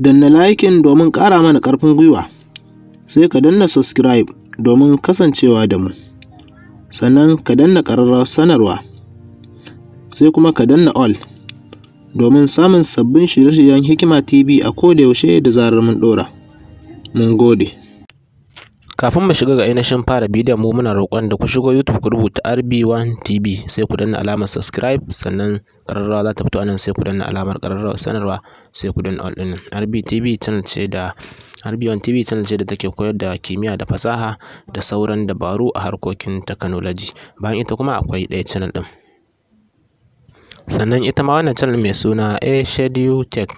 Danna likin domin ƙara mana ƙarfin gwiwa, sai ka danna subscribe domin kasancewa da mu, sannan ka danna ƙararrawar sanarwa, sai kuma ka danna all domin samun sabbin shirye-shiryen Hikima TV a koda yaushe da zarar mun ɗora. Mun gode. Kafin mu shiga ga ainihin fara bidiyon mu muna roƙon da ku shigo YouTube ku rubuta RB1 TV sai ku danna alamar subscribe sannan ƙararrawa za ta fito anan sai ku danna alamar ƙararrawa sanarwa sai ku danna all din. RB TV channel ce da RB1 TV channel ce da take koyar da kimiyya da fasaha da sauran dabaru a harkokin technology bayan ita kuma akwai ɗaya channel ɗin sannan ita ma wannan channel mai suna A Schedule Tech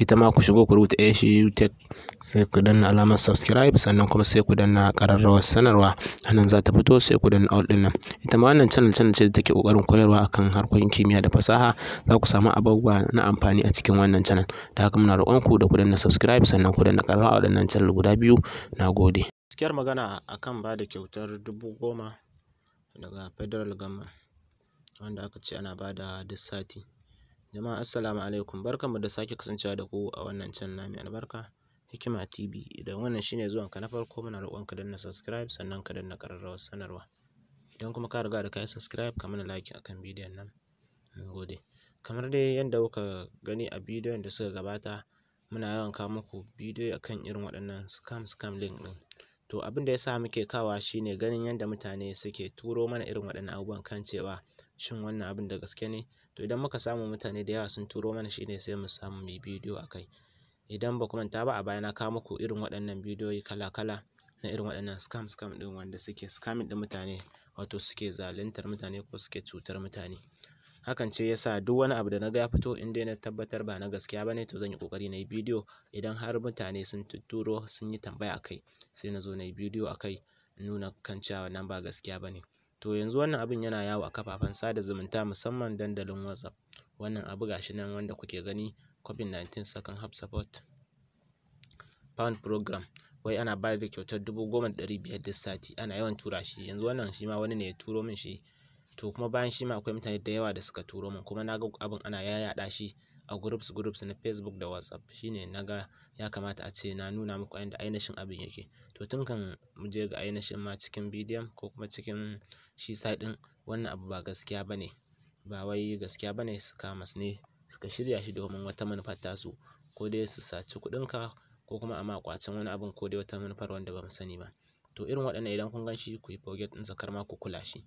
ita ma ku shigo ku rubuta ASU Tech sai ku danna alamar subscribe sannan kuma sai ku danna kararrawar sanarwa anan za ta fito sai ku danna all din nan ita ma wannan channel channel ce da take ƙoƙarin koyarwa akan harkokin kimiyya da fasaha za ku samu abubuwa na amfani a cikin wannan channel da haka muna roƙon ku da ku danna subscribe sannan ku danna ƙararrawa wannan channel guda biyu na gode. gaskiyar magana akan ba da kyautar dubu goma daga federal government wanda aka ce ana ba da duk sati Jama'a assalamu alaikum barkanmu da sake kasancewa da ku a wannan can na mai albarka Hikima TV idan wannan shine zuwan na farko muna roƙon ka danna subscribe sannan ka danna ƙararrawar sanarwa idan kuma ka riga da ka yi subscribe ka mana like akan bidiyon nan mun gode kamar dai yadda kuka gani a bidiyon da suka gabata muna yawan kawo muku bidiyo akan irin waɗannan scam scam link ɗin to abin da ya muke kawa shine ganin yadda mutane suke turo mana irin waɗannan abubuwan kan cewa shin wannan abin da gaske ne to idan muka samu mutane da yawa sun turo mana shine sai mu samu mu yi bidiyo a kai idan ba ku manta ba a baya na kawo muku irin waɗannan bidiyoyi kala kala na irin waɗannan scam scam ɗin wanda suke scamming ɗin mutane wato suke zaluntar mutane ko suke cutar mutane hakan ce yasa duk wani abu da na ga ya fito in dai na tabbatar ba na gaskiya ba ne to zan yi kokari na yi bidiyo idan har mutane sun tutturo sun yi tambaya akai sai na zo na yi bidiyo akai nuna kan cewa nan ba gaskiya bane to yanzu wannan abin yana yawo a kafafen sada zumunta musamman dandalin whatsapp wannan abu gashi nan wanda kuke gani covid-19 second half support pound program wai ana ba da kyautar dubu goma da ɗari biyar duk sati ana yawan tura shi yanzu wannan shi ma wani ne ya turo min shi to kuma bayan shi ma akwai mutane da yawa da suka turo min kuma na ga abin ana yayyaɗa shi a groups groups na Facebook da WhatsApp shine na ga ya kamata a ce na nuna muku yadda ainihin abin yake to tun kan mu je ga ainihin ma cikin bidiyon ko kuma cikin shi site ɗin wannan abu ba gaskiya bane ba wai gaskiya bane scammers ne suka shirya shi domin wata manufar tasu ko dai su saci kuɗinka ko kuma a ma wani abin ko dai wata manufar wanda ba mu sani ba to irin waɗannan idan kun gan shi ku yi forget in kar ma ku kula shi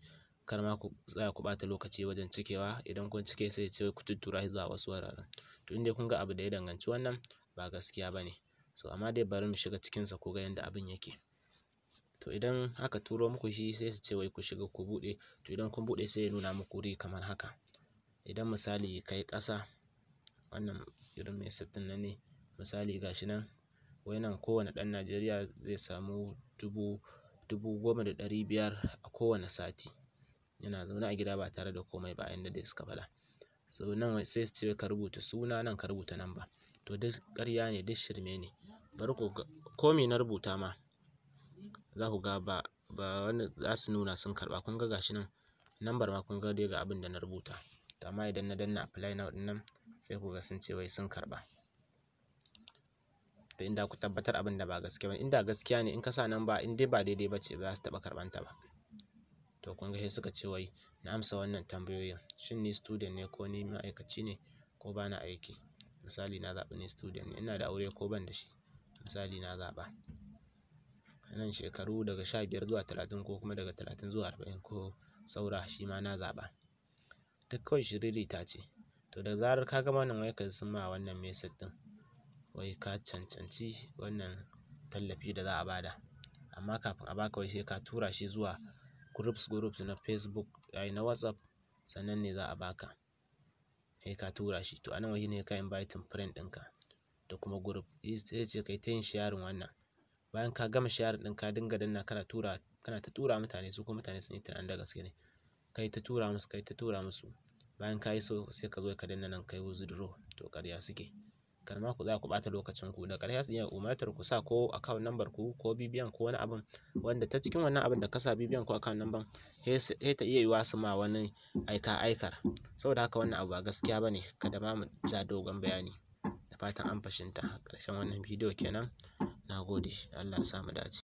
kar ma ku tsaya ku ɓata lokaci wajen cikewa idan kun cike sai ce ku tuttura shi zuwa wasu wuraren to in dai kun ga abu da ya danganci wannan ba gaskiya ba ne so amma dai bari mu shiga cikinsa ku ga yadda abin yake to idan aka turo muku shi sai su ce wai ku shiga ku buɗe to idan kun buɗe sai ya nuna muku wuri kamar haka idan misali kai ƙasa wannan irin mai sittin nan ne misali gashi nan wai nan kowane ɗan Najeriya zai samu dubu dubu goma da ɗari biyar a kowane sati yana zaune a gida ba tare da komai ba yanda dai suka faɗa so nan sai su ce ka rubuta suna nan ka rubuta namba to duk ƙarya ne duk shirme ne bari ku ko me na rubuta ma za ku ga ba ba wani za su nuna sun karɓa kun ga gashi nan nambar ma kun ga dai ga abin da na rubuta to amma idan na danna apply na nan sai ku ga sun ce wai sun karɓa da inda ku tabbatar abin da ba gaskiya ba inda gaskiya ne in ka sa nan ba in dai ba daidai ba ce ba za su taɓa karɓanta ba to kun ga sai suka ce wai na amsa wannan tambayoyin shin ni student ne ko ni ma'aikaci ne ko ba na aiki misali na zaɓi ni student ne ina da aure ko ban da shi misali na zaɓa nan shekaru daga sha biyar zuwa talatin ko kuma daga talatin zuwa arba'in ko saura shi ma na zaɓa duk kawai shiririta ce to da zarar ka gama wannan wai ka sun ma wannan message ɗin wai ka cancanci wannan tallafi da za a bada amma kafin a baka wai sai ka tura shi zuwa groups groups na facebook ai na whatsapp sannan ne za a baka sai ka tura shi to anan waje ne ka inviting friend ɗinka da kuma group sai ce kai ta yin sharing wannan bayan ka gama sharing ɗin ka dinga danna kana tura kana ta tura mutane su kuma mutane sun yi tunanin da gaske ne kai ta tura musu kai ta tura musu bayan ka yi so sai ka zo ka danna nan kai withdraw to ƙarya suke kar ku za ku bata lokacin ku da ƙarshe ne umartar ku sa ko account number ku ko bibiyan ko wani abin wanda ta cikin wannan abin da ka sa bibiyan ko account number he ta iya yiwa su ma wani aika aikar saboda haka wannan abu ba gaskiya bane kada ma mu ja dogon bayani da fatan an fashinta ƙarshen wannan bidiyo kenan nagode Allah ya sa mu dace